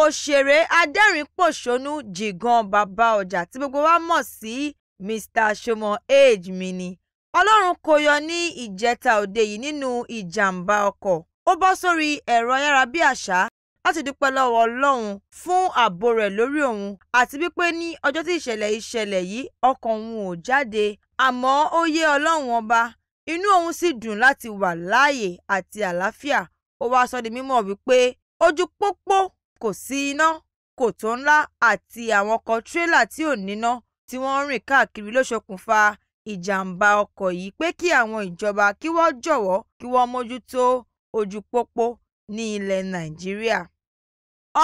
òṣèré adẹ́rìn-pọ̀ṣónú Jìgan Bàbáọjà tí gbogbo wa mọ̀ sí Mr Somo age mi ni ọlọ́run kò yọ ní ìjẹta òde yìí nínú ìjàmbá ọkọ̀ ó bọ́ sórí ẹ̀rọ ayárabíàṣá láti dúpẹ́ lọ́wọ́ ọlọ́run fún ààbò rẹ̀ lórí òun àti wípé ní ọjọ́ tí ìṣẹ̀lẹ̀ ìṣẹ̀lẹ̀ yìí ọkàn òun ò jáde àmọ́ ó yé ọlọ́run ọba inú òun sì dùn láti wà láàyè àti àlàáfíà ó wá sọ di mímọ̀ wípé ojú pópó kò sí iná kòtò ńlá àti àwọn ọkọ̀ tírélà tí ò níná tí wọ́n ń rìn káàkiri ló ṣokùnfà ìjàmbá ọkọ̀ yìí pé kí àwọn ìjọba kí wọ́n jọ̀wọ́ kí wọ́n mójútó ojú pópó ní ilẹ̀ nàìjíríà.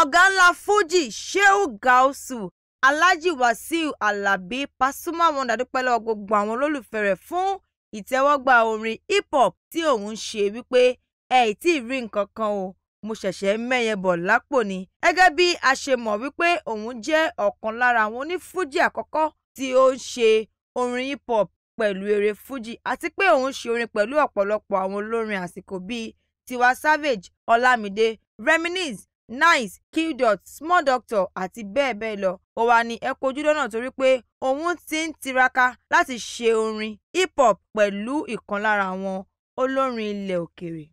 ọ̀gá ńlá fuji shehu gausu alhaji wasiu alabi pasuma wọn dàdúpẹ́ lọ́wọ́ gbogbo àwọn olólùfẹ́ rẹ̀ fún ìtẹ́wọ́gbà orin hip hop tí òun ń ṣe wípé ẹ̀ tí ì rí nǹkan kan o mo ṣẹ̀ṣẹ̀ mẹ́yẹn bọ̀ lápò ni. gẹ́gẹ́ bí a ṣe mọ̀ wípé òun jẹ́ ọ̀kan lára àwọn onífújì àkọ́kọ́ tí ó ń ṣe orin hip hop pẹ̀lú eré fújì àti pé òun ṣe orin pẹ̀lú ọ̀pọ̀lọpọ̀ àwọn olórin àsìkò bíi Tiwa Savage Ọlámidé reminis Nice Qdot Small Doctor àti bẹ́ẹ̀ bẹ́ẹ̀ lọ ó wá ní ẹ kojú lọ́nà torí pé òun ti ń tiraka láti ṣe orin hip hop pẹ̀lú ìkan lára àwọn olórin ilẹ̀ òkèèrè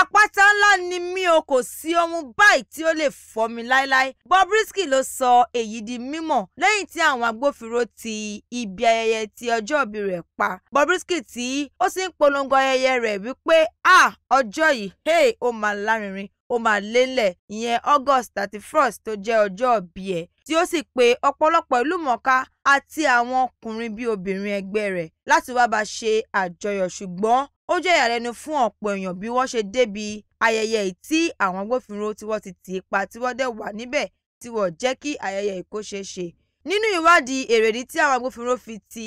àpáta ńlá ni mí o kò sí ohun báyìí tí ó lè fọ́ mi láéláé Bobrisky ló sọ èyí di mímọ̀ lẹ́yìn tí àwọn agbófinró ti ibi ayẹyẹ ti ọjọ́bí rẹ̀ pa Bobrisky tí ó sì ń polongo ayẹyẹ rẹ̀ wípé a ọjọ́ yìí hey ó máa lárinrin ó máa lélẹ̀ ìyẹn August thirty first tó jẹ́ ọjọ́ ìbí ẹ̀ tí ó sì pe ọ̀pọ̀lọpọ̀ ìlúmọ̀ọ́ká àti àwọn ọkùnrin bíi obìnrin ẹgbẹ́ rẹ̀ láti wá bá ṣe àjọyọ̀ ṣùgbọ́n ó jẹ́ ìyàlẹ́nu fún ọ̀pọ̀ èèyàn bí wọ́n ṣe débi ayẹyẹ yìí tí àwọn agbófinró tí wọ́n ti tì í pa tí wọ́n dẹ̀ wà níbẹ̀ tí wọ́n jẹ́ kí ayẹyẹ yìí kó ṣeé ṣe. nínú ìwádìí èrèdí tí àwọn agbófinró fi ti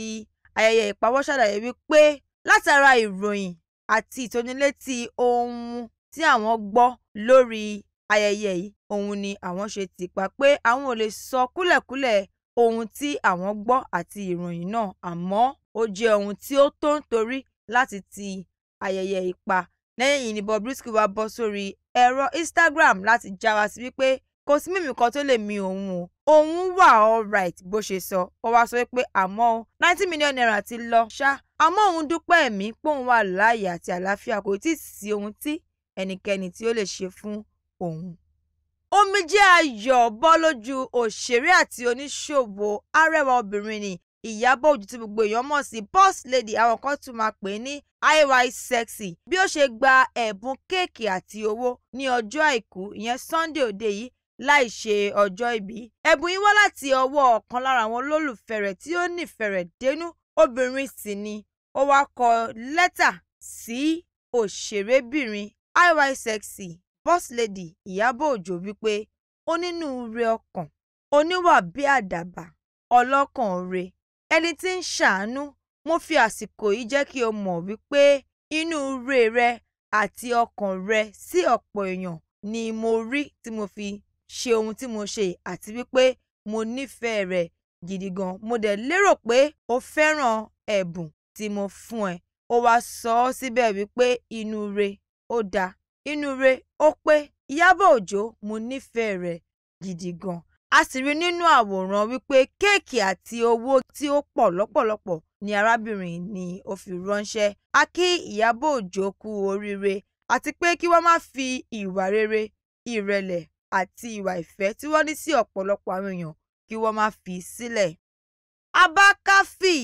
ayẹyẹ ìpawọ́ ṣàlàyé wípé látara ìròyìn àti ìtónilétí ohun tí àwọn gbọ́ lórí ayẹyẹ yìí òun ni àwọn ṣe tì pa pé àwọn ò lè sọ kúlẹ̀kúlẹ̀ ohun tí àwọn gbọ́ àti ìròyìn náà àmọ́ ó jẹ́ ohun tí ó tó ń torí láti ti ayẹyẹ ipa. Lẹ́yìn èyí ni Bobrisky wá bọ́ sórí ẹ̀rọ Instagram láti já wa sí wípé kò sí mímì kan tó lè mi òun o òun wà alright bó ṣe sọ ó wá sọ pé àmọ́ o ninety million naira ti lọ ṣá àmọ́ òun dúpẹ́ ẹ̀mí póun wà láàyè àti àlàáfíà kò tí ì sí ohun tí ẹnikẹ́ni tí ó lè ṣe fún òun. omijé ayọ̀ bọ́ lójú òṣèré àti oníṣòwò arẹwà obìnrin ni Ìyábọ̀ Òjó tí gbogbo èèyàn mọ̀ sí boss lady àwọn kan tún máa pè ní IY sexy bí ó ṣe gba ẹ̀bùn kéèkì àti owó ní ọjọ́ àìkú ìyẹn Sunday òde yìí láì ṣe ọjọ́ ìbí. ẹ̀bùn yìí wá láti ọwọ́ ọ̀kan lára àwọn olólùfẹ́ rẹ̀ tí ó nífẹ̀ẹ́ rẹ̀ dénú obìnrin sì ni ó wá kọ lẹ́tà sí òṣèrébìnrin IY sexy boss lady Ìyábọ̀ Òjó wípé onínúure ọkàn oníwà bí àdàbà ọlọ́kàn re ẹni tí ń ṣàánú mo fi àsìkò yìí jẹ́ kí o mọ̀ wípé inú ire rẹ àti ọkàn rẹ sí ọ̀pọ̀ èèyàn ni mo rí tí mo fi ṣe ohun tí mo ṣe àti wípé mo nífẹ̀ẹ́ rẹ gidi gan. Mo dẹ̀ lérò pé o fẹ́ràn ẹ̀bùn tí mo fún ẹ. Ó wá sọ ọ́ síbẹ̀ wípé inú re ó da, inú re ó pé. Iyábọ̀ Òjó mo nífẹ̀ẹ́ rẹ gidi gan a sì rí i nínú àwòrán wípé kéèkì àti owó tí ó pọ̀ lọ́pọ̀lọpọ̀ ni arábìnrin ni ó fi ránṣẹ́. a kí Ìyábọ̀ Òjó kú oríire àti pé kí wọ́n má fi ìwà rere ìrẹ̀lẹ̀ àti ìwà ìfẹ́ tí wọ́n ní sí ọ̀pọ̀lọpọ̀ àwọn èèyàn kí wọ́n má fi sílẹ̀. Abba Kaffi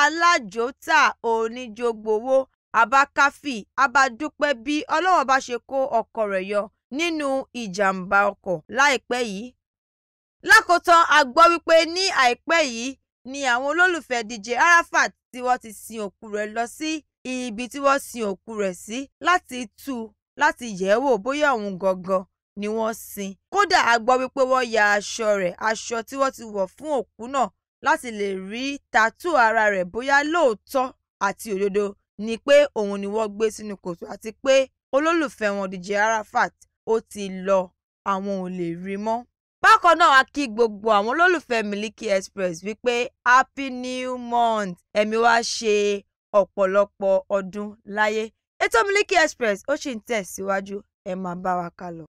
alájòótà oníjógbòwó Abba Kaffi abadúpẹ́ bí Ọlọ́run bá ṣe kó ọkọ rẹ̀ yọ nínú ìjàmbá ọkọ̀ láìpẹ́ yìí lákòótán a gbọ́ wípé ní àìpẹ́ yìí ni àwọn olólùfẹ́ dj arafat tí wọ́n ti sin òkú rẹ̀ lọ sí ibi tí wọ́n sin òkú rẹ̀ sí láti tú láti yẹ̀ wò bóyá òun gangan ni wọ́n sin. kódà a gbọ́ wípé wọ́n ya aṣọ rẹ̀ aṣọ tí wọ́n ti wọ̀ fún òkú náà láti lè rí tàtú ara rẹ̀ bóyá lóòótọ́ àti òdodo ni pé òun ni wọ́n gbé sínú kòtò àti pé olólùfẹ́ wọn dj arafat ó ti lọ àwọn ò lè rí mọ́ bákan náà a kí gbogbo àwọn olólùfẹ́ miliki express wípé happy new month ẹ̀mí wá ṣe ọ̀pọ̀lọpọ̀ ọdún láyé ètò miliki express ó sì ń tẹ̀síwájú ẹ máa bá wa kálọ.